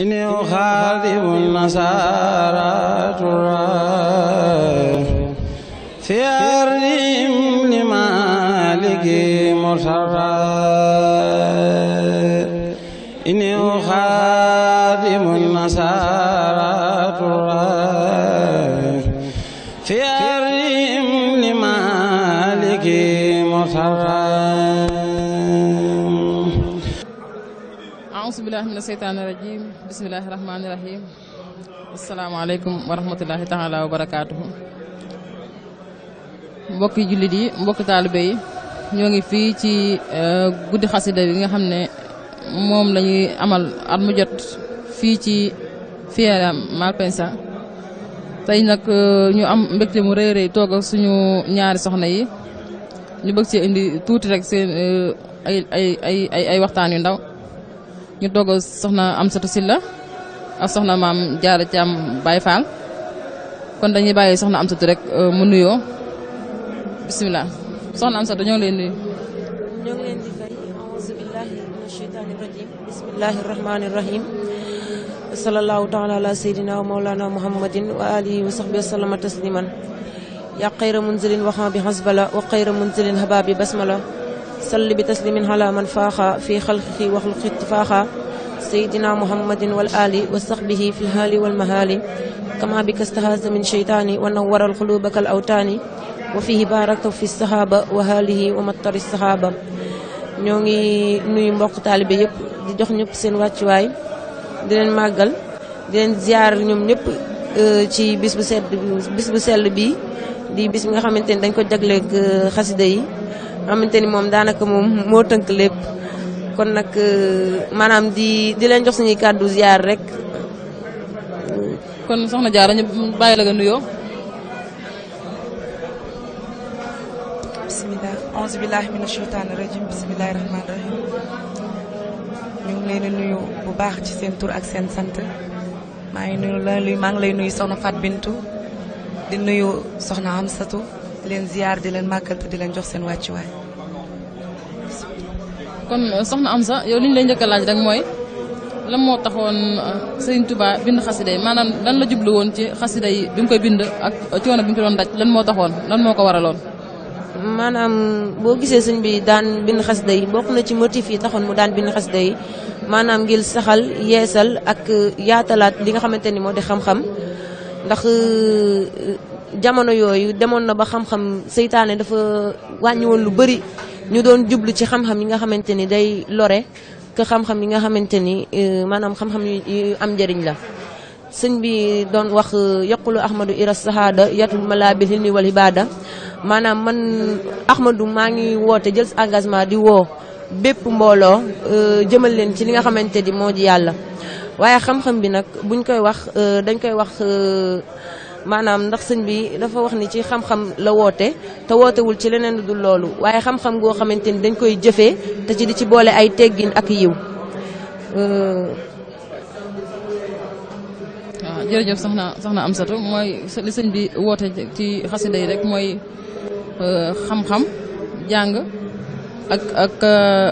إني أخاذب النصارى ترى في أرضهم لمالك إني أخاذب النصارى billahi mina seytaani rajim bismillahi rahmaani rahim asalaamaaleykum wa rahmatullahi taala wa barakaatuhu mbokki jullit yi mbokki taalibe yi ñoo ngi fii ci guddi xasida bi nga xam ne moom la ñuy amal at mu jot fii ci Fiera Malpensa tey nag ñu am mbégte mu rëy rëy toog ak suñu ñaari soxna yi ñu bëgg see indi tuuti rek seen ay ay ay ay waxtaan yu ndaw ñu doog a soxna Amsatou Sylla ak soxna maam Diarra Thiam Baye Fall kon dañuy bàyyi soxna Amsatou rek euh, mu nuyoo bisimilah soxna Amsatou ñoo ngi leen nuyu. ñoo ngi leen di fay auzu billahi mina shaytaani rajim bismillahi rahmaani rahim sallallahu taala wa mawlana muhammadin wa yaa xayra munzilin waxan bi hasbala wa xayra munzilin haba bi basmala صل بتسليم على من فاخ في خلقه وخلق اتفاخا سيدنا محمد والآل وصحبه في الهال والمهال كما بك استهاز من شيطان ونور القلوب كالأوتان وفيه بارك في الصحابة وهاله ومطر الصحابة نيوغي نوي مبوك طالب يب دي جوخ نيوب سين واتشواي دي لن ماغل دي لن زيار نيوم نيوب تي بس بسل بي دي بس مغا خامنتين دانكو جاغلق خاسده يب xamante ni moom daanaka moom moo tënk lépp kon nag euh, maanaam di di leen jox suñuy kàddu ziar rek. kon soxna Diarra ñu bàyyi la nga nuyoo. bisimilah auzu billahi mina sheytaani rajim bisimilahi rahim ñu ngi leen di nuyu bu baax ci seen tur ak seen sant maa ngi nuyu la maa ngi lay nuyu soxna Fat Bintu di nuyu soxna Amsatu di leen ziar di leen màggal te di leen jox seen wàccuwaay. kon euh, soxna sax yow li ñu lay njëkk a laaj rek mooy lan moo taxoon euh, Serigne Touba bind xasida yi maanaam lan la jublu woon ci xasida yi bi mu koy bind ak coono bi mu ci doon daj lan moo taxoon lan moo ko waraloon. maanaam boo gisee sëñ bi daan bind xasida yi bokk na ci motif yi taxoon mu daan bind xasida yi maanaam ngir saxal yeesal ak yaatalaat li nga xamante ni moo di xam-xam ndax euh, jamono yooyu demoon na ba xam-xam seytaane dafa wàññi lu bëri ñu doon jublu ci xam-xam yi nga xamante ni day lore que xam-xam yi nga xamante ni euh, maanaam xam yu am njëriñ la sëñ bi doon wax euh, yaqulu ahmadu ira sahaada yatul mala bil hilmi wal ibada maanaam man ahmadu maa ngi woote jël engagement di woo bépp mbooloo euh, jëmal leen ci li nga xamante ni moo di yàlla waaye xam-xam bi nag buñ koy wax dañ koy wax maanaam ndax sëñ bi dafa wax ni ci xam-xam la woote te wootewul ci leneen lu dul loolu waaye xam-xam goo xamante ni dañ koy jëfee te ci di ci boole ay teggin ak yiw. Euh, waaw jërëjëf soxna soxna Amsatu mooy li sëñ bi woote ci xasida yi rek mooy euh, xam jàng ak ak euh,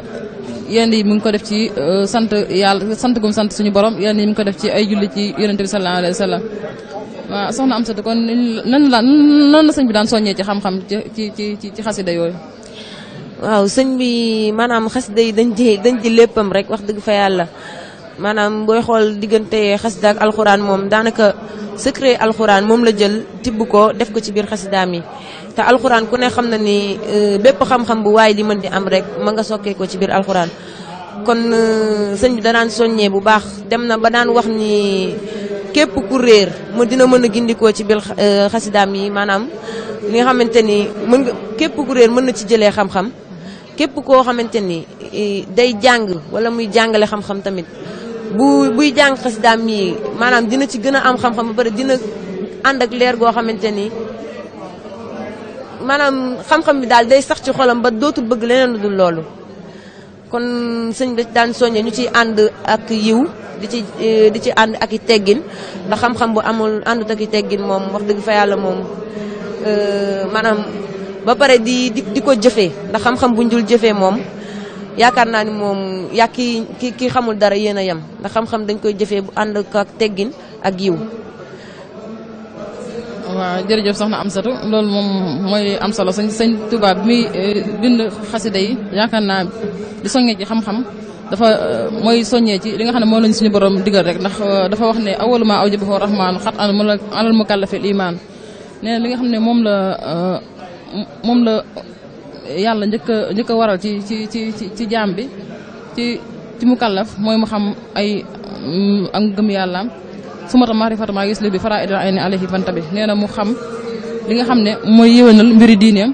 yenn yi mu ngi ko def ci sant yàlla sant gum sant suñu borom yenn yi mu ngi ko def ci ay julli ci yonente bi sallallahu alayhi wa sallam waa soxna am satu kon nan la nan la sëñ bi daan soññee ci xam-xam ci ci ci ci xasida yooyu waaw sëñ bi maanaam xasida yi dañ ci dañ ci léppam rek wax dëgg fa yàlla maanaam booy xool diggante xasida alxuraan moom daanaka secret alxuraan moom la jël tibb ko def ko ci biir xasidaam yi te alxuraan ku ne xam na ni euh, bépp xam-xam bu waaye di mën di am rek ma nga sokkee ko ci biir alxuraan kon euh, sëñ bi danaan soññee bu baax dem na ba daan wax ni képp ku réer ma dina mën a gindikoo ci biir euh, xasidaam yi maanaam li nga xamante ni mën nga képp ku réer mën na ci jëlee xam-xam képp koo xamante ni day jàng wala muy jàngale xam-xam tamit bu buy jàng xasidaam yi maanaam dina ci gën a am xam-xam ba dina ànd ak leer goo xamante ni maanaam xam-xam bi daal day sax ci xolam ba dootul bëgg leneen lu dul loolu kon sëñ bi daan soññe ñu ciy ànd ak yiw di ci eh, di ci ànd ak i teggin ndax xam-xam bu amul àndut ak i teggin moom wax dëgg fa yàlla moom eh, maanaam ba pare di di ko jëfee ndax xam-xam buñ dul jëfee moom yaakaar naa ni moom yaa ki ki ki xamul dara yéen a yem ndax xam-xam dañ koy jëfee bu ànd ak teggin ak yiw waaw jërëjëf soxna Amsatu loolu moom mooy am solo sëñ sëñ Tuubaa bi muy eh, bind xasida yi yaakaar naa di soññee ci xam-xam dafa eh, mooy soññee ci li nga xam ne moom lañ suñu borom digal rek ndax eh, dafa wax ne awalu maa awjaba ko rahmaanu xat alal mukallafi imaan nee li nga xam ne moom la moom la yàlla njëkk a njëkk a waral ci ci ci ci jaam bi ci ci mukallaf mooy mu xam ay mm, ak gëm yàlla sumata maarifata maa yusli bi fara idal ayni alayhi fanta bi nee mu xam li nga xam ne mooy yéwénal mbiri diineem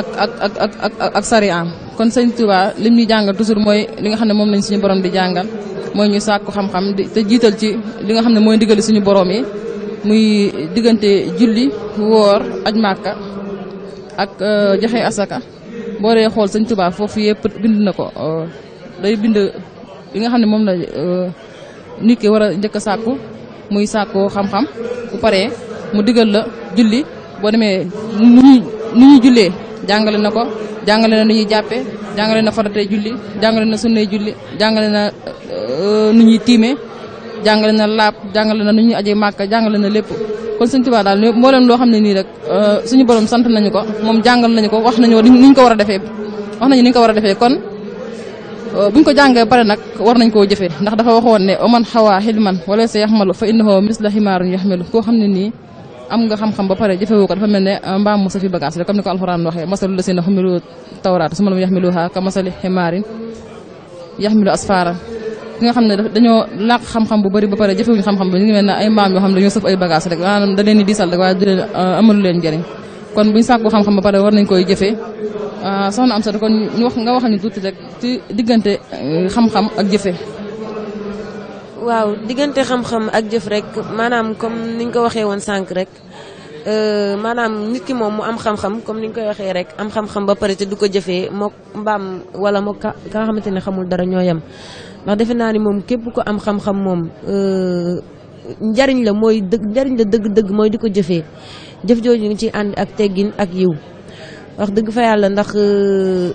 ak ak ak ak ak ak sariyaam kon sëñ tubaa lim ñuy jàngal toujours mooy li nga xam ne moom lañ suñu borom di jàngal mooy ñu sàkku xam-xam di jiital ci li nga xam ne mooy ndigali suñu borom yi muy diggante woor aj màkka ak euh, joxe asaka boo xool sëñ foofu yëpp bind ko euh, li nga xam ne moom la. Euh, nit ki war a njëkk a muy sàkku xam-xam bu pare mu digal la julli boo demee nu ñuy nu jullee jàngale na ko jàngale na nu ñuy jàppee jàngale na faratee julli jàngale na sunnee julli jàngale na euh, nu ñuy tiimee jàngale na laab jàngale na nu ñuy ajee màkka jàngale na lépp kon Sëñ Tuubaa daal leen loo xam ne nii rek euh, suñu borom sant nañu ko moom jàngal nañu ko wax nañu ni ñu ko war a defee wax nañu ni ñu ko war a defee kon Euh, buñ ko jàngee pare nag war nañ koo jëfee ndax dafa waxoon ne oman xawaa xilman wala sa yaxmalu fa innahu misla ximaarin yaxmalu koo xam ne nii xam-xam ba pare jëfewoo ko dafa mel ne euh, mbaam mu safi la comme ni ko alxuraan tawraat su ma lam yaxmiluha ka masali ximaarin yaxmilu asfaara ki nga xam ne dañoo làq xam-xam bu bëri ba pare jëfewuñu xam-xam bi ñu ngi mel ne ay mbaam yoo xam sëf ay bagage rek maanaam diisal rek waaye du leen euh, kon buñ sàkku xam-xam ba pare war nañ koy jëfee ah, soxna Amsatu kon ñu wax nga waxal ñu tuuti rek ci diggante eh, xam ak jëfe waaw diggante xam-xam ak jëf rek maanaam comme niñ ko waxee woon sànq rek euh, maanaam nit ki moom mu am xam-xam comme niñ koy waxee rek am xam-xam ba pare te du ko jëfee mook mbaam wala moo ka nga xamante ne xamul dara ñoo yem ndax defe naa ni moom képp ko am xam-xam moom euh, njariñ la mooy dëgg njariñ la dëgg-dëgg mooy di ko jëfee jëf jooju ngi ci ànd ak teggin ak yiw wax dëgg fa yàlla ndax euh,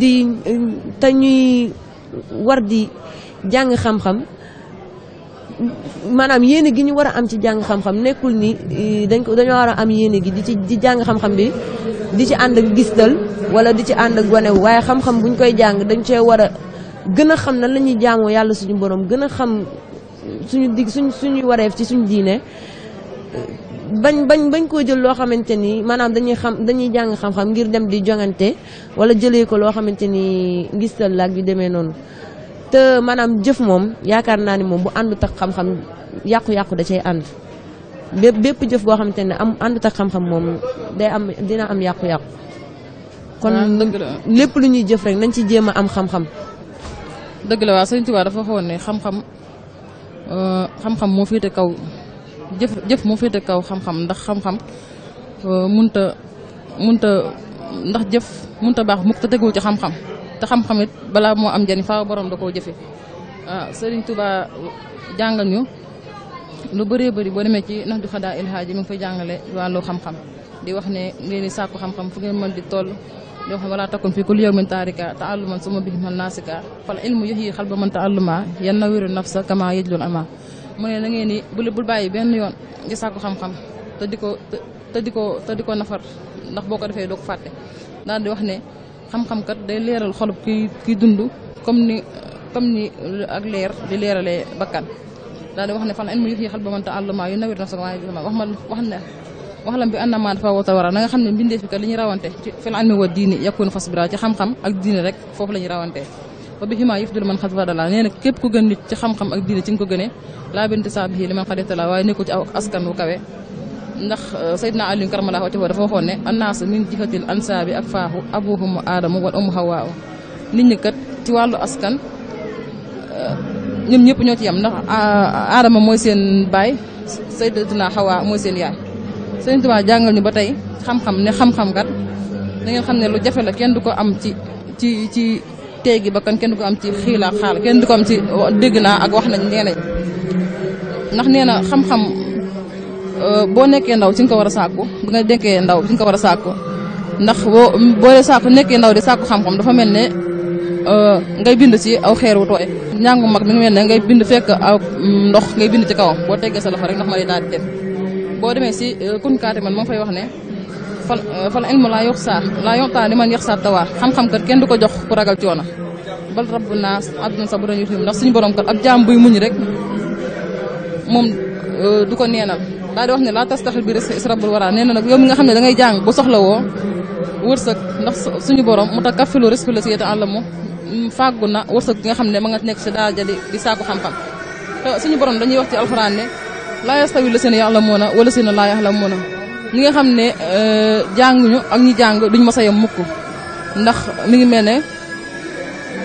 di te ñuy war di jàng xam-xam maanaam yéene gi ñu war a am ci jàng xam-xam nekkul ni euh, dañ ko dañoo war a am yéene gi di ci di jàng xam-xam bi di ci ànd ak gistal wala di ci ànd ak wanew waaye xam-xam buñ koy jàng dañ cee war a gën a xam na lañuy ñuy jaamoo yàlla suñu borom gën a xam suñu digg suñ suñuy wareef ci suñu diine bañ bañ bañ koo jël loo xamante ni maanaam dañuy xam dañuy jàng xam-xam ngir dem di jongante wala jëlee ko loo xamante ni ngistal laag yu demee noonu te maanaam jëf moom yaakaar naa ni moom bu àndut ak xam-xam yàqu-yàqu da cay ànd bépp bépp jëf boo xamante ne am àndut ak xam moom day am dina am yàqu-yàqu. kon ah, lépp lu ñuy jëf rek nañ ci jéem a am xam dëgg la waa Sëñ Tuubaa dafa waxoon ne xam-xam euh, xam-xam moo féete kaw. jëf jëf moo féete kaw xam-xam ndax xam-xam euh munta munta ndax jëf munta bax mukk ta teguwul ci xam-xam te xam-xam it balaa moo am njëriñ faa borom da ko jëfe waaw Serigne Touba jàngal ñu lu bëree bëri boo demee ci nax du xadaa ilhaaji mi ngi fay jàngale wàllu xam-xam di wax ne ngeen di sàkku xam-xam fu ngeen mën di toll di wax ne takun fii kulli yawmin taarika taalluman suma bihimal naasika fal ilmu yuhyi xalba man taalluma yan nafsa kama yajlul ama mune na ngeen ni bul bul bàyyi ben yoon di xam-xam te diko ko te diko ko te diko ko nafar ndax boko ko defee doo ko fàtte daal di wax ne xam-xam kat day leeral xolub ki ki dundu comme ni comme ni ak leer di leeralee bakkan dal di wax ne fan en mu yëf yéexal ba allah ma yu nawir na wahna waaye wax ma wax ne wax lam bi annamaa dafa wata wara nga xam ne bi kat li ñu rawante fil almi wa dini yakun fasbira ci xam-xam ak dini rek fofu lañu ñu fa bi ximaa yëf dul man xas fadala nee na képp ku gën nit ci xam-xam ak diine ci nga ko gënee laa binti saa bii li man xaditala waaye nekkul ci aw askan wu kawe ndax euh, Seydina Aliou karamallahu wacca dafa waxoon ne annaas min jihatil ansaabi wal umu hawaa nit ñi kat ci wàllu askan euh, ñëpp ñoo ci yem ndax euh, aadama mooy seen baay Seydatuna Xawaa mooy seen yaay Sëriñ Tuubaa jàngal ñu ba tey xam-xam ne xam-xam kat da ngeen xam ne lu jafe kenn du am ci ci teggi ba kan kenn du ko am ci xiila xaal kenn du ko am ci dégg naa ak wax nañ nee ndax nee na xam-xam euh, boo nekkee ndaw si nga ko war a sàkku bu nga nekkee ndaw ci ko war a sàkku ndax boo boo dee sàkku nekkee ndaw di sàkku xam-xam dafa mel ne euh, ngay bind si aw xeer wu tooy ñàngu mag mi ngi mel ne ngay bind fekk aw mm, ndox ngay bind ci kawam boo teggee sa loxo rek ndax ma lay dem boo demee si euh, kunkaate man ma fay wax ne fal eh, ilmu la yuxsaa la yuxtaa li man yaxsaa tawa. xam-xam kër kenn duko jox ku ragal wona bal rabbu nas aduna sa ñu xim ndax suñu borom kat ak jaam buy muñ rek mom eh, duko ko neenal daa di wax ne la tastaxil bi rasul israbul wara nee nak yow mi nga xam ne da ngay jang bu wo ndax suñu borom mu rasul la si nga xam ma nga nek ci jadi di saaku xam-xam suñu borom dañuy wax ci alxuraan ne la yastawi la seen yàlla moona wala ñi nga xam ne euh, jànguñu ak ñi jàng duñ mos a yem mukk ndax mi ngi mel ne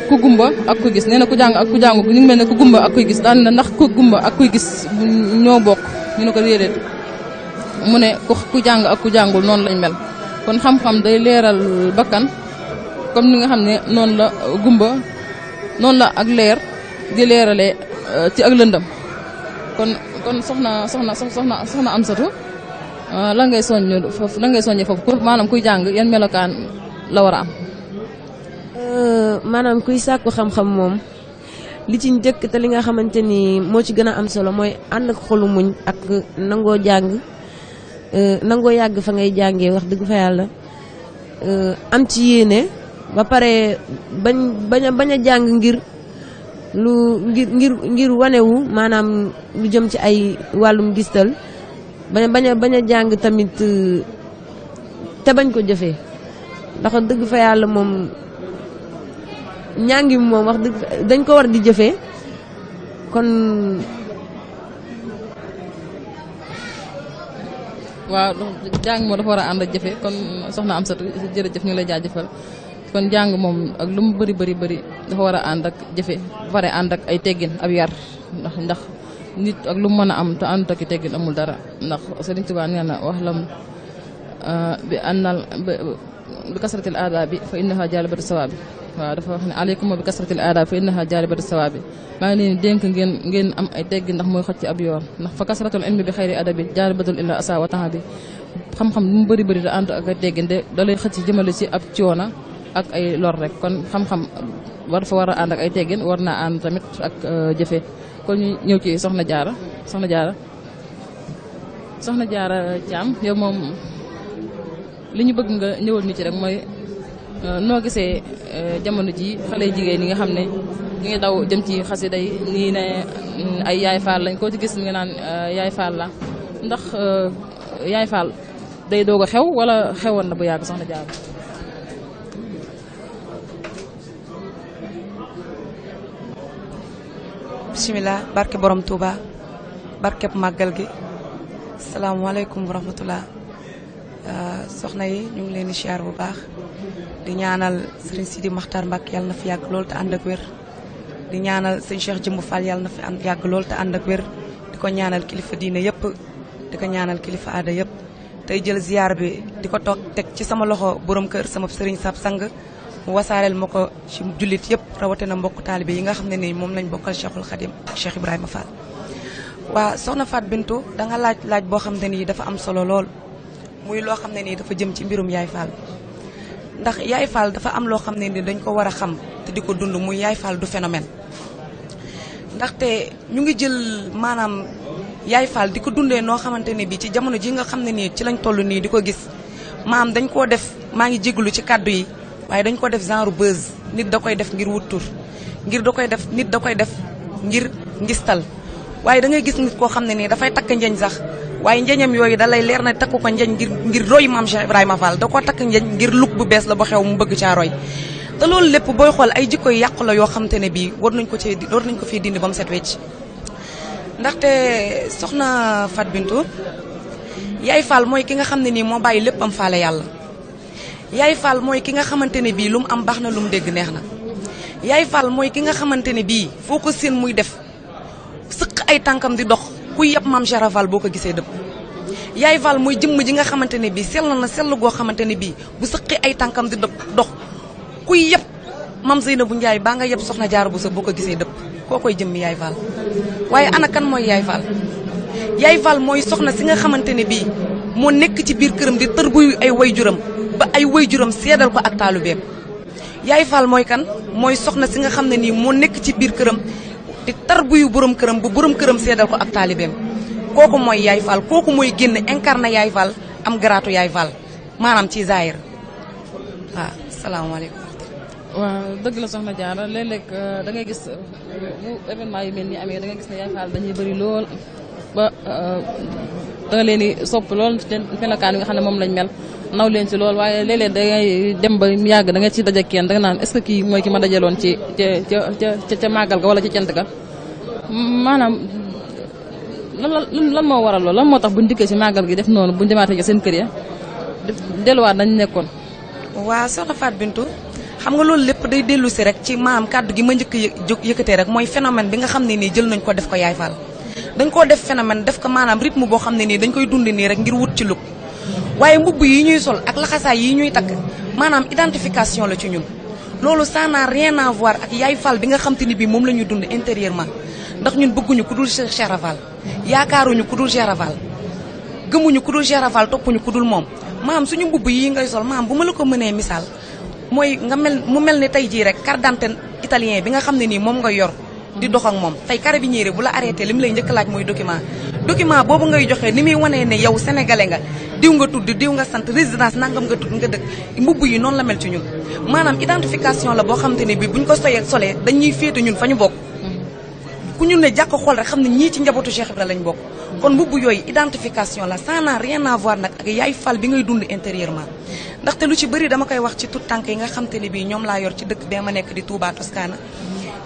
ku gumba ak kuy gis nee na ku jàng ak ku jàngu ñu ngi mel ne ku gumba ak kuy gis daan na ndax ku gumba ak kuy gis ñoo bokk ñu ne ko déedéet mu ne jàng ak ku jàngul noonu lañ mel kon xam-xam day leeral bakkan comme ni nga xam ne noonu la gumba noonu la ak leer di leerale euh, ci ak lëndam kon kon soxna soxna soxna soxna Amsatu Ah, lan ngay soññ foofu lan ngay soññee foofu ku kuy jàng yan melokaan la war a am. Euh, maanaam kuy sàkku xam-xam moom li ci njëkk te li nga xamante ni ci gën am solo moy ànd ak xolu muñ ak nangoo jàng euh, nangoo yàgg fa ngay jàngee wax dëgg fa yàlla euh, am ci yéene ba pare bañ ngir lu ngir ngir ngir wanewu maanaam lu jëm ci ay walum gistal. bañ bañ a bañ a jàng tamit euh, te bañ ko jëfee dafa dëgg fa yàlla moom ñàngi moom wax dëgg dañ ko war di jëfee kon. waaw jàng moom dafa war a ànd ak jëfe kon soxna am satu jërëjëf ñu lay jaajëfal kon jàng moom ak lu mu bari bari bëri dafa war a ànd ak jëfe ba pare ànd ak ay teggin ab yar ndax ndax. nit ak lu mën a am te àndut ak i teggin amul dara ndax Serigne Touba nee na wax lam bi annal bi kasratil aadaabi fa innaha jaalibatu sawaabi waaw dafa wax ne alaykum bi kasratil aadaabi fa innaha jaalibatu sawaabi maa ngi leen dénk ngeen ngeen am ay teggin ndax mooy xëcc ab yoon ndax fa kasratul ilmi bi xayri adabi jaalibatul illa asa wa taxa bi xam-xam mu bëri bëri da ànd ak ay teggin de da lay xëcc jëmale ci ab coono ak ay lor rek kon xam-xam war fa war a ànd ak ay teggin war naa ànd tamit ak jëfe kon ñu ñëw ci soxna jaara soxna jaara soxna jaara Thiam yow moom li ñu bëgg nga ñëwal ñu ci rek mooy euh, noo gisee euh, jamono ji xale jigéen yi nga xam ne ñu ngi daw jëm ci xasida yi ñii ne mm, ay yaay faal lañ koo ci gis nga naan euh, yaay faal la ndax yaay faal day doog xew wala xewoon na bu yàgg soxna jaara bisimilah barke borom tuuba barkeb màggal gi salaamualeykum wa rahmatulah euh, soxna yi ñu ngi leen di siyaar bu baax di ñaanal sëriñ Sidi Maxtar na fi yàgg lool te ànd ak wér. di ñaanal sëñ Cheikh Jëmb Fall yàlla na fi yàgg lool te ànd ak wér di ko ñaanal kilifa diina yëpp di ko ñaanal kilifa aada yëpp. tey jël ziar bi di ko toog teg ci sama loxo borom kër sama sëriñ sab sang mu wasaareel ma ko ci jullit yëpp rawatina mbokk taalibe yi nga xam ne ni moom lañ bokkal Cheikhul Khadim ak Cheikh Ibrahima Fall. waa soxna Faat Bintu danga laaj laaj boo xam ne nii dafa am solo lool muy loo xam ne nii dafa jëm ci mbirum Yaay Fall ndax Yaay Fall dafa am loo xam ne ni dañ ko war a xam te di ko dund muy Yaay Fall du phénomène. ndaxte ñu ngi jël maanaam yaay faal di ko dundee noo xamante ne bii ci jamono ji nga xam ne nii ci lañ toll nii di ko gis maam dañ koo def maa ngi jégalu ci kàddu yi waaye dañ ko def genre buzz nit da koy def ngir wut tur ngir da koy def nit da koy def ngir ngistal waaye da ngay gis nit koo xam ne nii dafay takk njeñ sax waaye njeñam yooyu da lay leer na takku ko njeñ ngir ngir roy maam Ibrahima Fall da ko takk njeñ ngir luk bu bees la ba xew mu bëgg caa roy te loolu lépp booy xool ay jikko yu yàqu la yoo xam te ne bii war nañ ko cee war nañ ko fii dindi ba mu set wecc ndaxte soxna Fat Bintou yaay Fall mooy ki nga xam ne nii moo bàyyi léppam faale yàlla Yaay Fall mooy ki nga xamante ne bii lu mu am baax na lu mu dégg neex na Yaay Fall mooy ki nga xamante ne bii foo ko séen muy def sëq ay tànkam di dox ku yëpp maam Cheikh boo ko gisee dëpp. Yaay Fall mooy jëmm ji nga xamante ne bii sell na sell goo xamante ne bii bu sëqi ay tànkam di dox kuy yëpp mam Seynabou Ndiaye baa nga yëpp soxna Jaara sa boo ko gisee dëpp koo koy jëmm Yaay Fall waaye ana kan mooy Yaay Fall Yaay Fall mooy soxna si nga xamante ne bii moo nekk ci biir këram di tër buy ay way juram ba ay waajuram seedal ko ak taalubeem yaay Fall mooy kan mooy soxna si nga xam ne nii moo nekk ci biir këram di tarbuyu borom këram bu borom këram seedal ko ak taalibeem kooku mooy yaay Fall kooku mooy génn na yaay Fall am garaatu yaay Fall maanaam ci Zahir waaw salaamaaleykum. waaw dëgg la soxna Diarra léeg-léeg euh, dangay gis euh, bu événement yu mel nii amee da gis ne yaay Fall dañuy bëri lool. ba euh, da nga leen di sopp lool te melokaan yi nga xam ne moom lañ mel naw leen ci lool waaye léeg-léeg da ngay dem ba yàgg da nga ci daje kenn da naan est kii mooy ki ma dajaloon ci ca ca ca màggal ga wala ci cant ga maanaam lan lan moo waral lool lan moo tax buñ dikkee ci màggal gi def noonu buñ demaatee seen kër ya delluwaat dañ nekkoon. waaw soxna Fatou Bintou xam nga loolu lépp day dellu si rek ci maam kàddu gi ma njëkk a yëkkatee rek mooy phénomène bi nga xam ne nii jël nañ ko def ko yaay Fall dañ ko def phénomène def ko manam rythme bo xamné ni dañ koy dund ni rek ngir wut ci lug waye mbubb yi ñuy sol ak laxasaay yi ñuy tak manam identification la ci ñun lolu ça n'a rien à voir ak yay fal bi nga xam tini bi mom lañu dund intérieurement ndax ñun bëgguñu ku dul Géraval yaakaaruñu ku dul Géraval gëmuñu ku dul Géraval toppuñu ku dul mom maam suñu mbubb yi ngay sol maam bu la ko mëne misal moy nga mel mu melni tay ji rek cardantene italien bi nga xamni ni mom nga yor di dox ak moom tey carabinieri bu la arrêté li mu lay njëkk laaj mooy document document boobu ngay joxee ni muy wanee ne yow sénégalais nga diw nga tudd diw nga sant résidence nangam nga tudd nga dëkk mbubb yi noonu la mel ci ñun maanaam identification la boo xamante ne bii buñ ko soyee solee dañuy féete ñun fa ñu bokk ku ñu ne jàkk xool rek xam ne ñii ci njabootu Cheikh Ibra lañ bokk kon mbubb yooyu identification la ça n'a rien à voir nag ak yaay fal bi ngay dund intérieurement ndaxte lu ci bëri dama koy wax ci tout tànk yi nga xam te ne bii ñoom laa yor ci dëkk bee ma nekk di Touba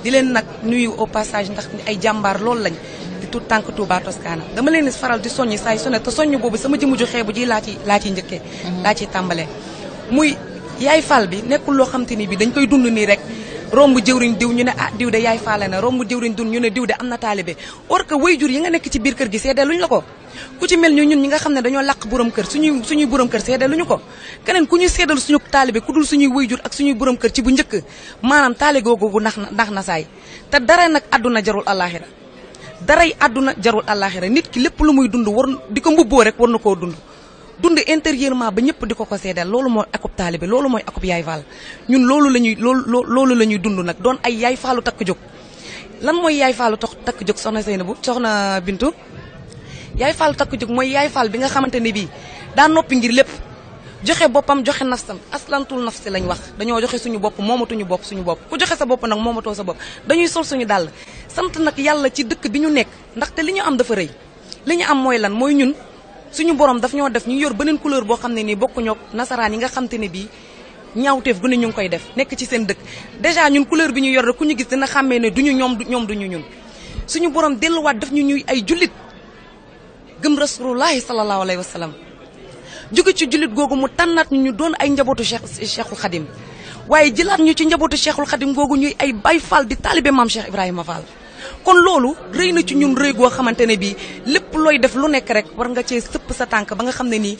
di leen nag ñuy au passage ndax ay jàmbaar loolu lañ di tout tànk Touba Toscana dama leen faral di soññi saa yu sonné te soññ boobu sama jëmu ju xeebu ji laa ci laa ciy njëkkee laa ciy tàmbalee muy yaay fal bi nekkul loo xam te ni bi dañ koy dund nii rek romb jëwriñ diw ñu ne ah diw yaay faale na romb jëwriñ dun ñu ne diw de am na taalibe or que wayjur yi nga nekk ci biir kër gi seede luñ la ko ku ci mel ñu ñun ñi nga xam ne dañoo làq borom kër suñuy suñuy borom kër seede ñu ko keneen ku ñuy seedal suñu taalibe ku dul suñuy wayjur ak suñuy borom kër ci bu njëkk maanaam taali googu bu nax nax na saay te dara nag àdduna jarul àllaaxira daray àdduna jarul àllaaxira nit ki lépp lu muy dund war di ko mbubboo rek war na koo dund dund intérieurement ba ñëpp di ko ko seedeel loolu mooy akub taalibe loolu mooy akub yaay faal ñun loolu la ñuy loolu loolu la ñuy dund nag doon ay yaay faalu takk jóg lan mooy yaay faalu tax takk jóg soxna Seynabou soxna Bintu yaay faalu takk jóg mooy yaay faal bi nga xamante ni bii daa noppi ngir lépp joxe boppam joxe nafsam aslantul nafsi lañ wax dañoo joxe suñu bopp moomatuñu bopp suñu bopp ku joxe sa bopp nag moomatoo sa bopp dañuy sol suñu dàll sant nag yàlla ci dëkk bi ñu nekk ndaxte li ñu am dafa rëy li ñu am mooy lan mooy ñun suñu borom daf ñoo def ñu yor beneen couleur boo xam ne nii bokkuñoo nasaraan yi nga xam te ne bii ñaawteef gune ñu ngi koy def nekk ci seen dëkk dèjà ñun couleur bi ñu yor rek ku ñu gis dina xàmmee ne duñu ñoom ñoom duñu ñun suñu borom delluwaat daf ñu ñuy ay jullit gëm rasulullahi sallallahu alayhi wa sallam jóge ci jullit googu mu tànnaat ñu ñu doon ay njabootu cheikh cheikhul xadim waaye jëlaat ñu ci njabootu cheikhul xadim googu ñuy ay bay fall di taalibe maam cheikh ibrahima kon loolu rëy na ci ñun rëy goo xamante ne bii lépp looy def lu nekk rek war nga cee sëpp sa tànk ba nga xam ne nii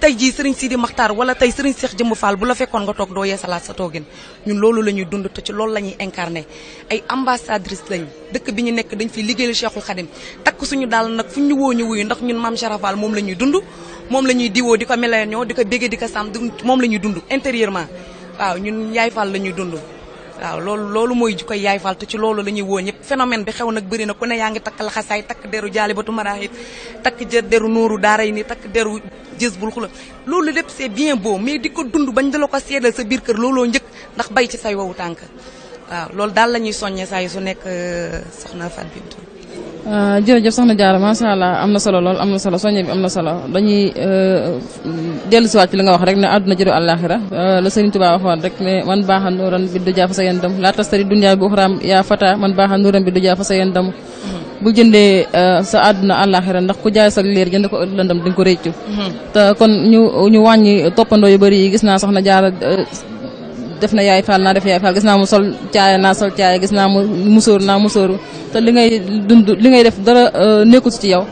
tey jii Serigne Sidi Makhtar wala tey Serigne Cheikh Jëmb Fall bu la fekkoon nga toog doo yeesalaat sa toogin ñun loolu la ñuy dund te ci loolu la ñuy incarné ay ambassadrice lañ dëkk bi ñu nekk dañ fi liggéeyal Cheikhul Khadim takk suñu daal nag fu ñu woo ñu wuyu ndax ñun maam Charafal moom la ñuy dund moom la ñuy diwoo di ko melañoo di ko béggee di ko sàmm moom la ñuy dund intérieurement waaw ñun Yaay Fall la ñuy dund waaw loolu loolu mooy ju yaay fal ci loolu la ñuy woo ñëpp phénomène bi xew nag bëri na ku ne yaa ngi takk laxasaay takk deru jaalibatu maraaxit takk jër deru nooru daara yi ni takk deru jës bul xula loolu lépp c'est bien boo mais di ko dund bañ dala ko seedal sa biir kër looloo njëkk ndax bay ci say wowu tànk waaw loolu daal la ñuy soññee saa yu su nekk euh, soxna Fatou Bintou Euh, jërëjëf soxna Diarra macha allah am na solo lool am na solo soññe bi am na solo dañuy euh, dellu si waat nga wax rek ne àdduna jëru àllaaxira euh, la Sëriñ Tuubaa waxoon rek ne man bi du jaafa sa yéen dem laa tastari dunyaa bi uxraam yaa fata man baaxa nuuran bi du jaafa sa yéen mhm. bu jëndee sa àdduna àllaaxira ndax ku jaay sa leer jënd ko lëndam di ko réccu mhm. te kon ñu ñu wàññi toppandoo yi gis naa soxna Diarra def na yaay faal naa def yaay faal gis naa mu sol caaya naa sol caaya gis naa mu musóor naa musóoru te li ngay dund li ngay def dara euh, nekkut ci yow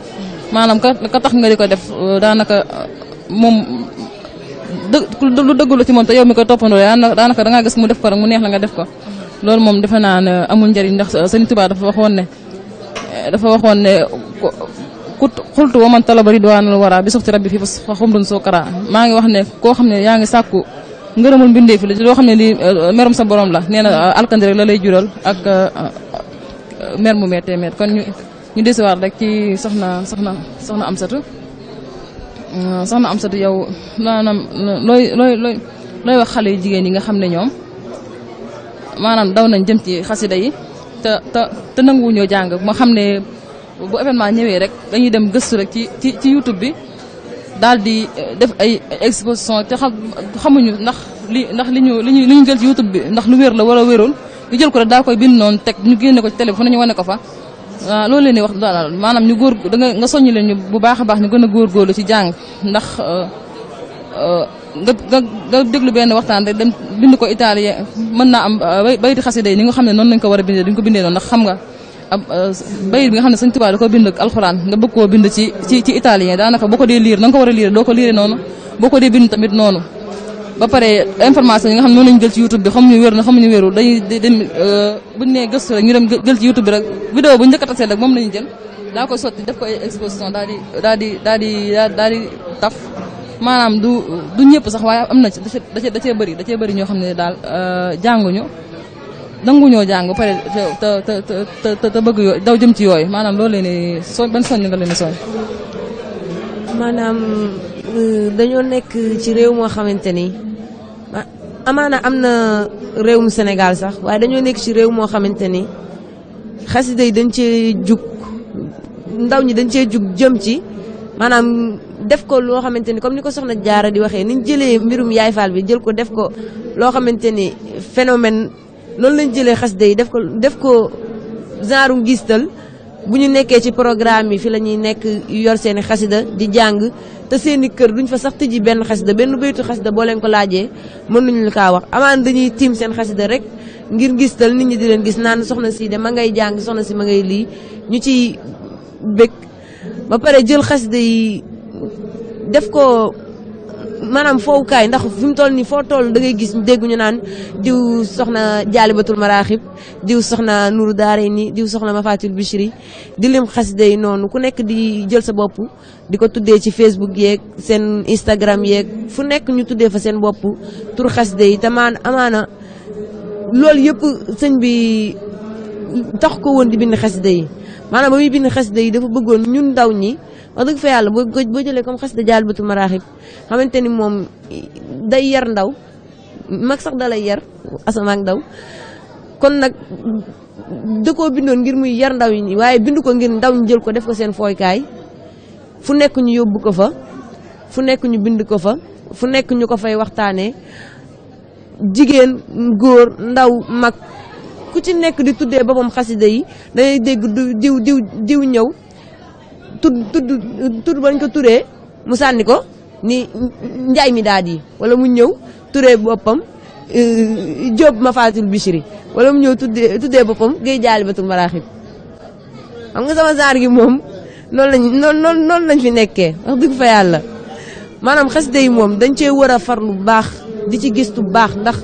maanaam ka tax nga di ko def euh, daanaka euh, moom dë lu dëggul ci moom te yow mi ko toppandoo daanaka da ngaa gis mu def ko rek mu neex la nga def ko loolu moom defe naa ne amul njëriñ ndax sëñ Tuubaa dafa waxoon ne dafa waxoon ne kut xultu waman talaba ridwaanal wara bi suxti rabbi fii fa xumrun soo kara maa ngi wax ne koo xam ne yaa ngi sàkku ngërëmul mbindeef la loo xam ne lii euh, merum sa borom la nee na euh, alkandi rek la lay jural ak euh, mer mu mettee met kon ñu ñu rek ci soxna soxna soxna Amsatu soxna Amsatu yow maanaam looy looy looy wax xale yu jigéen yi nga xam ne ñoom maanaam daw nañ jëm ci xasida yi te te te nanguwuñoo jàng moo xam ne bu événement ñëwee rek dañuy dem gëstu rek ci ci ci YouTube bi daal di euh, def ay exposition te xam xamuñu ndax li ndax li ñu li ñu jël ci YouTube bi ndax lu wér la wala wérul ñu jël ko rek daal koy bind noonu teg ñu génne ko ci télé bi fu nañu wane ko fa waaw loolu leen di wax daal maanaam ñu góor danga nga soññ leen ñu bu baax a baax ñu gën a góorgóorlu ci jàng ndax euh, euh, nga ga nga déglu benn waxtaan rek dem bind ko italien mën naa am bay di xasida yi ni nga xam ne noonu lañ ko war a bindee duñ ko bindee noonu ndax xam nga Euh, bayit bi nga xam ne sëñ Tuubaa da ko bind ak alxuraan nga bëgg koo bind ci ci ci italien daanaka boo ko dee liir na war a liir doo ko liire noonu boo ko dee bind tamit noonu ba pare information yi nga xam ne moom lañu jël ci youtube bi xamuñu wér na xamuñu wérul dañuy dem euh, buñ nee gëstu rek ñu dem jël ci youtube bi rek vidéo bu njëkk a tasee rek moom lañu jël daa koy sotti def ko exposition daal di daal di daal di daal di taf maanaam du du ñëpp sax waaye am na ci da cee bëri da cee bëri ñoo xam ne daal jàngo euh, jànguñu nanguñoo jàng ba pare te te te te te bëgg yooyu daw jëm ci yooyu maanaam loolu leen ni soo ban soññ nga leen di soñ maanaam euh, dañoo nekk ci réew moo xamante ni ah, amaana am na réewum Sénégal sax waaye dañoo nekk ci réew moo xamante ni xasida yi dañ cee jug ndaw ñi dañ cee jug jëm ci maanaam def ko loo xamante ni comme ni ko soxna jaara di waxee niñ jëlee mbirum yaay faal bi jël ko def ko loo xamante ni phénomène loolu lañ jëlee xasida yi def ko def ko genre ngistal bu ñu nekkee ci programme yi fii la ñuy nekk yor seen i xasida di jàng te seeni i kër duñ fa sax tëji benn xasida benn béytu xasida boo leen ko laajee mën nañu la kaa wax amaan dañuy tiim seen xasida rek ngir ngistal nit ñi di leen gis naan soxna si de ma ngay jàng soxna si ma ngay lii ñu ci bëgg ba pare jël xasida yi def ko maanaam foowukaay ndax fi toll nii foo toll da ngay gis dégg ñu naan diw soxna jaalibatul maraaxib diw soxna nuru daaray ni diw soxna mafatul bichri di lim xasida yi noonu ku nekk di jël sa bopp di ko tuddee ci facebook yeeg seen instagram yéeg fu nekk ñu tuddee fa seen bopp tur xasida yi te maan amaana loolu yëpp sëñ bi tax ko woon di bind xasida yi maanaam ba muy bind xasida yi dafa bëggoon ñun ndaw ñi wax dëgg fa yàlla boo boo jëlee comme xas da jaal bëtu maraaxib xamante ni moom day yar ndaw mag sax dalay yar asamaak ndaw kon nag da bindoon ngir muy yar ndaw ñi waaye bind ko ngir ndaw ñu jël ko def ko seen fooykaay fu nekk ñu yóbbu ko fa fu nekk ñu bind ko fa fu nekk ñu ko fay waxtaanee jigéen góor ndaw mag ku ci nekk di tuddee boppam xasida yi dañuy dégg du diw diw diw ñëw tudd tudd tudd bañ ko turee mu sànni ko ni njaay mi daal di wala mu ñëw turee boppam euh, Jóob ma faatul Bichri wala mu ñëw tuddee tuddee boppam géej jaali batul maraaxib xam nga sama genre gi moom noonu lañ noonu noonu lañ fi nekkee wax fa yàlla maanaam xasida yi moom dañ cee war a farlu baax di ci gistu baax ndax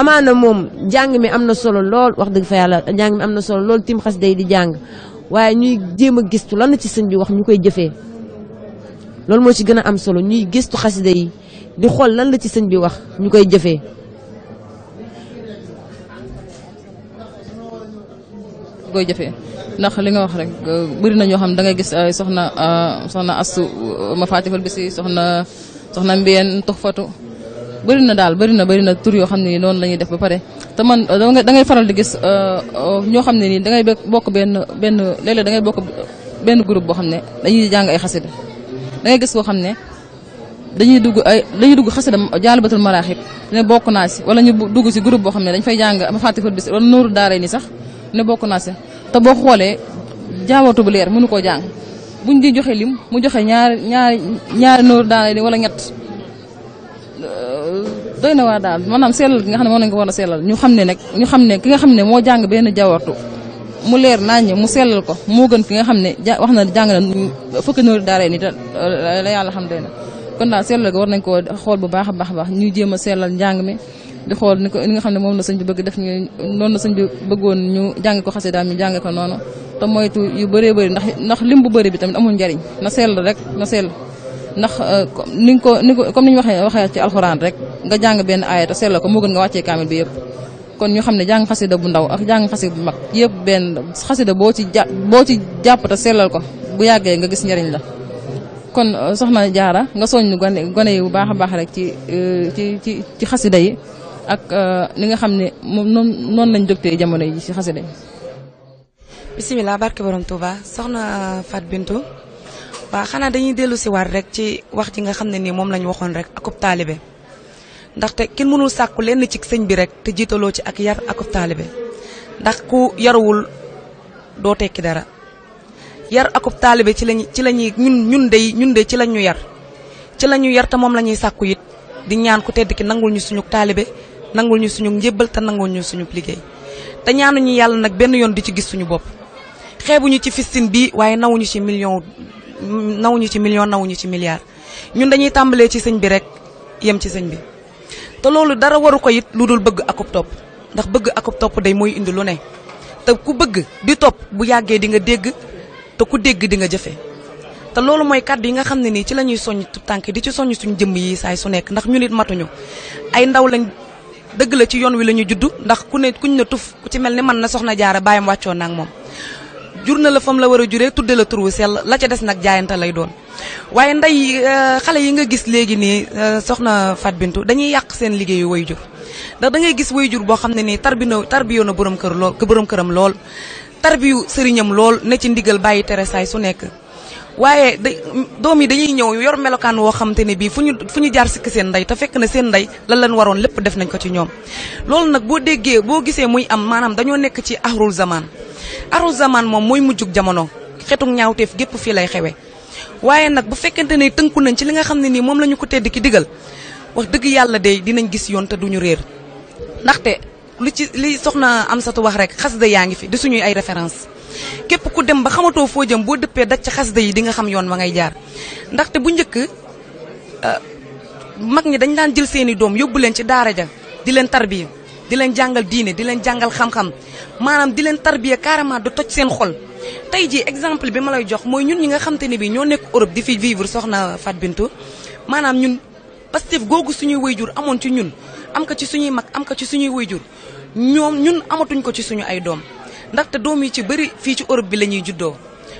amaana moom jàng mi am na solo lool wax dëgg fa yàlla jàng mi am na solo lool tim xasida yi di jàng waaye ñuy jéem a gëstu lan la ci sëñ bi wax ñu koy jëfee loolu moo ci gën a am solo ñuy gëstu xasida yi di xool lan la ci sëñ bi wax ñu koy jëfee koy jëfee ndax li nga wax rek bëri na ñoo xam da ngay gis soxna soxna astu ma fatifal bi si soxna soxna mbiyeen tox fatu bëri na daal bëri na bëri na tur yoo xam ne nii noonu lañuy def ba pare te man euh, da ngay faral di gis euh, euh, ñoo xam ne nii da bokk benn benn léeg-léeg bokk benn groupe boo xam ne dañuy jàng ay xasida da koo xam ne dañuy dugg ay dañuy dugg xasida jaalibatul maraaxib ne bokk naa si wala ñu dugg si groupe boo xam ne dañ fay jàng ma fàttali ko bis wala nuuru daara nii sax ne bokk naa si te boo xoolee jaawatu bu leer mënu koo jàng buñ di joxe lim mu joxe ñaari ñaari ñaari nuuru daara nii wala ñett doy na waar daal maanaam sellal gi nga xam ne moom la ñu ko a sellal ñu xam ne nag ñu xam ne ki nga xam ne moo jàng benn jawartu mu leer naññ mu sellal ko moo gën ki nga xam ne wax na jàng na fukki noori ni te la yàlla xam doy na kon daal sellal gi war nañ koo xool bu baax baax baax ñu jéem a njàng mi di xool ni ko li nga xam ne moom la sëñ bi bëgg def ñu noonu na sëñ bi bëggoon ñu jàng ko xasee daal ñu jàng ko noonu te moytu yu bëree bëri ndax ndax lim bu bëri bi tamit amul njariñ na sell rek na sell ndax euh, ni nga ko ni ko comme ni ñu waxee waxee ci alxuraan rek nga jàng benn aaya te seetloo ko moo gën nga wàccee kaamil bi yëpp kon ñu xam ne jàng xasida bu ndaw ak jàng xasida bu mag yëpp benn xasida boo ci ja boo ci jàpp te seetlal ko bu yàggee nga gis njariñ la kon euh, soxna jaara nga soññ gone gone yi bu baax a baax rek ci euh, ci ci ci xasida yi ak li nga xam ne moom noonu lañ dogtee jamono yi ci xasida yi bisimilah barke borom Touba soxna Fat Bintou waa xanaa dañuy dellu si waat rek ci wax ji nga xam ne nii moom lañu waxoon rek akub taalibe ndaxte kenn mënul sàkku lenn ci sëñ bi rek te jiitaloo ci ak yar akub taalibe ndax ku yaruwul doo tekki dara yar akub taalibe ci lañ ci la ñuy ñun ñun de ñun de ci la ñu yar ci la ñu te moom la ñuy sàkku it di ñaan ku tedd ki nangul ñu suñu taalibe nangul ñu suñu njébbal te nangul ñu suñu liggéey te ñaanuñu yàlla nag benn yoon di ci gis suñu bopp xeebuñu ci fistin bi waaye nawuñu ci million nawuñu ci million nawuñu ci milliard ñun dañuy tàmbalee ci sëñ bi rek yem ci sëñ bi te loolu dara waru ko it lu dul bëgg akub topp ndax bëgg akub topp day mooy indi lu ne te ku bëgg di topp bu yàggee di nga dégg te ku dégg di nga jëfe te loolu mooy kàddu yi nga xam ne nii ci la ñuy soññ tànk di ci soññ suñ jëmm yi saay su nekk ndax ñu nit matuñu ay ndaw lañ dëgg la ci yoon wi la ñu judd ndax ku ne kuñ na tuf ku ci mel ni man na soxna jaara bàyyam wàccoon na moom jur na la fam la war a juree tudde la tur wu sell la ca des nag jaayante lay doon waaye ndey euh, xale yi nga gis léegi nii euh, soxna Fat Bintou dañuy yàq seen liggéeyu way jur ndax da gis way jur boo xam ne nii tarbina tarbiyoo na borom kër lool borom këram lool tarbiyu sëriñam lool ne ci ndigal bàyyi tere saay su nekk waaye da doom yi dañuy ñëw yor melokaan woo xam te ne bii fu ñu fu ñu jaar sikk seen ndey te fekk na seen ndey lan leen waroon lépp def nañ ko ci ñoom loolu nag boo déggee boo gisee muy am maanaam dañoo nekk ci ahrul zaman arul zaman moom mooy mujjug jamono xetuk ñaawteef gépp fii lay xewe waaye nag bu fekkente ne tënku nañ ci li nga xam ne nii moom la ñu ko tedd ki digal wax dëgg yàlla dey dinañ gis yoon te duñu réer ndaxte lu ci li soxna Amsatu wax rek xasida yaa ngi fi di suñuy ay référence képp ku dem ba xamatoo foo jëm boo dëppee daj ci xasida yi di nga xam yoon wa ngay jaar ndaxte bu njëkk euh, mag ñi dañ daan jël seeni doom yóbbu leen ci daara ja di leen tarbiya di leen jàngal diine di leen jàngal xam maanaam di leen tarbiya carrément du toj seen xol tey ji exemple bi ma lay jox mooy ñun ñi nga xam te ne bi ñoo nekk Europe di fi vivre soxna Fat bintu maanaam ñun Pastef googu suñuy wayjur amoon ci ñun am ko ci suñuy mag am ko ci suñuy wayjur ñoom ñun amatuñ ko ci suñu ay doom ndaxte doom yi ci bëri fii ci Europe bi la ñuy juddoo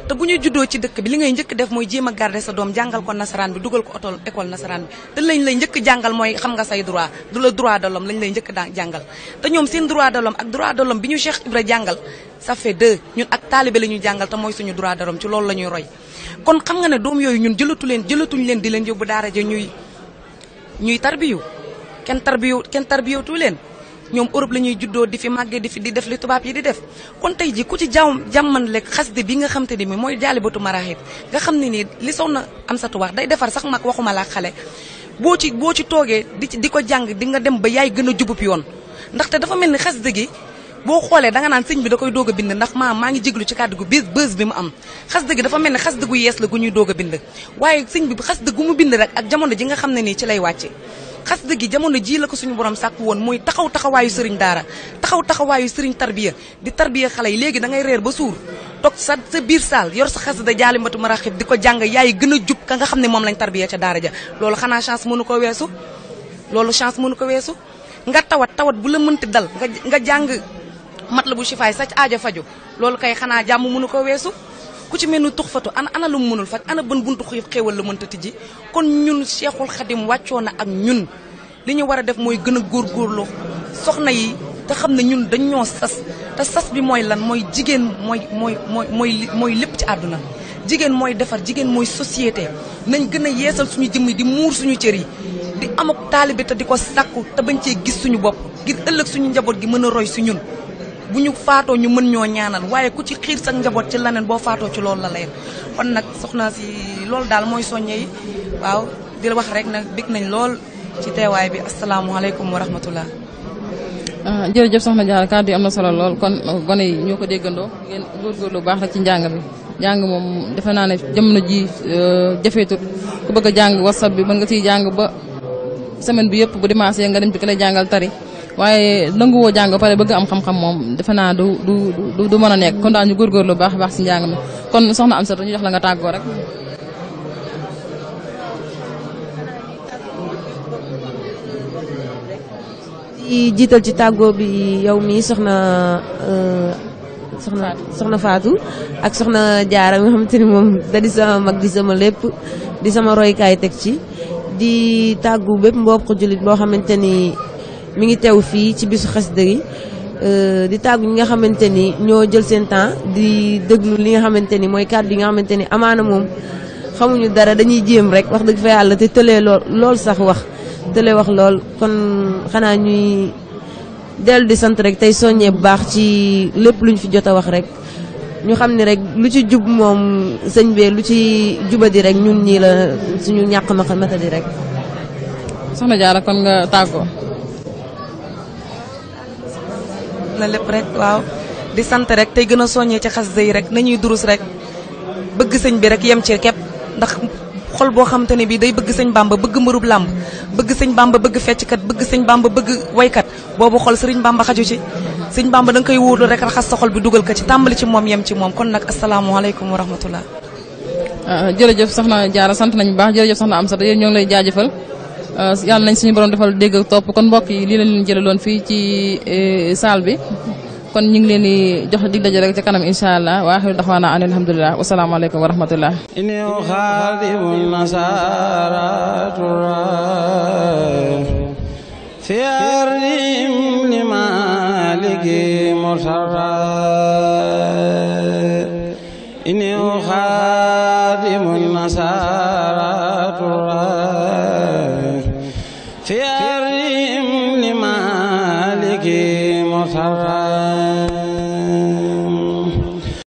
te bu ñu juddoo ci dëkk bi li ngay njëkk def mooy jéem a garder sa doom jàngal ko nasaraan bi dugal ko otol école nasaraan bi te lañ lay njëkk jàngal mooy xam nga say droit du la droit de l'homme lañ lay njëkk daan jàngal te ñoom seen droit de l'homme ak droit de l'homme bi ñu Cheikh Ibra jàngal ça fait deux ñun ak taalibe la ñu jàngal te mooy suñu droit de l'homme ci loolu la ñuy roy kon xam nga ne doom yooyu ñun jëlatu leen jëlatuñ leen di leen yóbbu daara ñuy ñuy tarbiyu kenn tarbiyu kenn tarbiyatu leen ñoom Europe la ñuy juddoo di fi màggee di fi di def li tubaab yi di def kon tey ji ku ci jaww jàmman lekk xasde bi nga xam te ni mi mooy jaalibatu maraaxib nga xam ne nii li soxna Amsatou wax day defar sax mag waxuma laa boo ci boo ci toogee di ci di ko jàng di nga dem ba yaay gën a jubub yoon ndaxte dafa mel ni xasde gi boo xoolee danga naan sëñ bi da koy doog a bind ndax maa maa ngi jéglu ci kàddu gu bés bés bi mu am xas dëgg dafa mel ne xas dëggu yees la gu ñuy doog a bind waaye siñ bi xas gu mu bind rek ak jamono ji nga xam ne nii ci lay wàcce xasida gi jamono ji la ko suñu borom sàkk woon mooy taxaw taxawaayu sëriñ daara taxaw taxawaayu sëriñ tarbiya di tarbiya xale yi léegi da ngay reer ba suur toog sa sa biir saal yor sa xasida jaalimatu maraxib di ko jàng yaay gën a jub ka nga xam ne moom lañ tarbiya ca daara ja loolu xanaa chance mënu ko weesu loolu chance mënu ko weesu nga tawat tawat bu la mënti dal nga nga jàng mat la bu sifaay sax aaja faju loolu kay xanaa jàmm mënu ko weesu ku ci mel ni tux fatu ana ana lu mu mënul faj ana bën buntu xéewal la mënta tijji kon ñun Cheikhul Khadim wàccoo na ak ñun li ñu war a def mooy gën a góorgóorlu soxna yi te xam ne ñun dañ ñoo sas te sas bi mooy lan mooy jigéen mooy mooy mooy mooy mooy lépp ci àdduna jigéen mooy defar jigéen mooy société nañ gën a yeesal suñu jëm yi di muur suñu cër yi di am ak bi te di ko sàkku te bañ cee gis suñu bopp ngir ëllëg suñu njaboot gi mën a roy si ñun bu ñu faatoo ñu mën ñoo ñaanal waaye ku ci xiir sa njaboot ci leneen boo faatoo ci loolu la lay kon nag soxna si loolu daal mooy soññe yi waaw di wax rek nag bég nañ lool ci teewaay bi asalaamaaleykum wa rahmatullah ah, jërëjëf soxna Diarra kàddu di am na solo lool kon gone yi ñoo ko déggandoo ngeen góorgóorlu bu baax rek ci njàng bi jàng moom defe naa ne na ji euh, jafeetut ku bëgg a jàng whatsapp bi mën nga ciy jàng ba semaine bi yëpp bu dimanche nga dem ci lay jàngal tari waye nangu wo jang pare bëgg am xam-xam mom du du du mën nek kon da ñu gor bu baax baax ci jang mi kon soxna am sa ñu jox la nga taggo rek. di jital ci taggo bi yow mi soxna. Euh, soxna soxna Fatou ak soxna jaara nga xamanteni mom da di sama mag di sama lepp di sama kay tek ci di taggu bepp mbop ko julit bo xamanteni mi ngi teew fii ci bisu xasida yi euh, di tàggu ñu nga xamante ni ñoo jël seen temps di déglu li nga xamante ni mooy kàddu bi nga xamante ni amaana moom xamuñu dara dañuy jéem rek wax dëgg fa yàlla te tëlee lool lool sax wax tëlee wax lool kon xanaa ñuy dellu di sant rek tey soññee bu baax ci lépp luñ fi jot a wax rek ñu xam ni rek lu ci jub moom sëñ bee lu ci jubadi rek ñun ñii la suñu ñàkk ma matadi rek. soxna Diarra kon nga tàggoo. na lépp rek waaw di sant rek tey gën a soññee ci xas yi rek nañuy durus rek bëgg sëñ bi rek yem ci képp ndax xol boo xam te ne bii day bëgg sëñ bamba bëgg mbërub làmb bëgg sëñ bamba bëgg kat bëgg sëñ bamba bëgg waykat boobu xol sëriñ bamba xaju ci sëñ bamba da nga koy wóorlu rek raxas sa xol bi dugal ko ci tàmbali ci moom yem ci moom kon nag asalaamaaleykum wa rahmatullah ah, jërëjëf soxna Diarra sant nañu baax jërëjëf soxna Amsata yéen ñoo ngi lay jaajëfal Euh, yalla nañ suñu borom defal deg ak top kon mbokk yi li lañ leen jëlaloon fii ci e, salle bi kon ñing leen di jox dig dajje rek ci kanam inshallah wa wa dakhwana alhamdulillah wa salam alaykum wa rahmatullah inni khadimun nasaratura fi arim li maliki inni khadimun uxaadibu nasaratura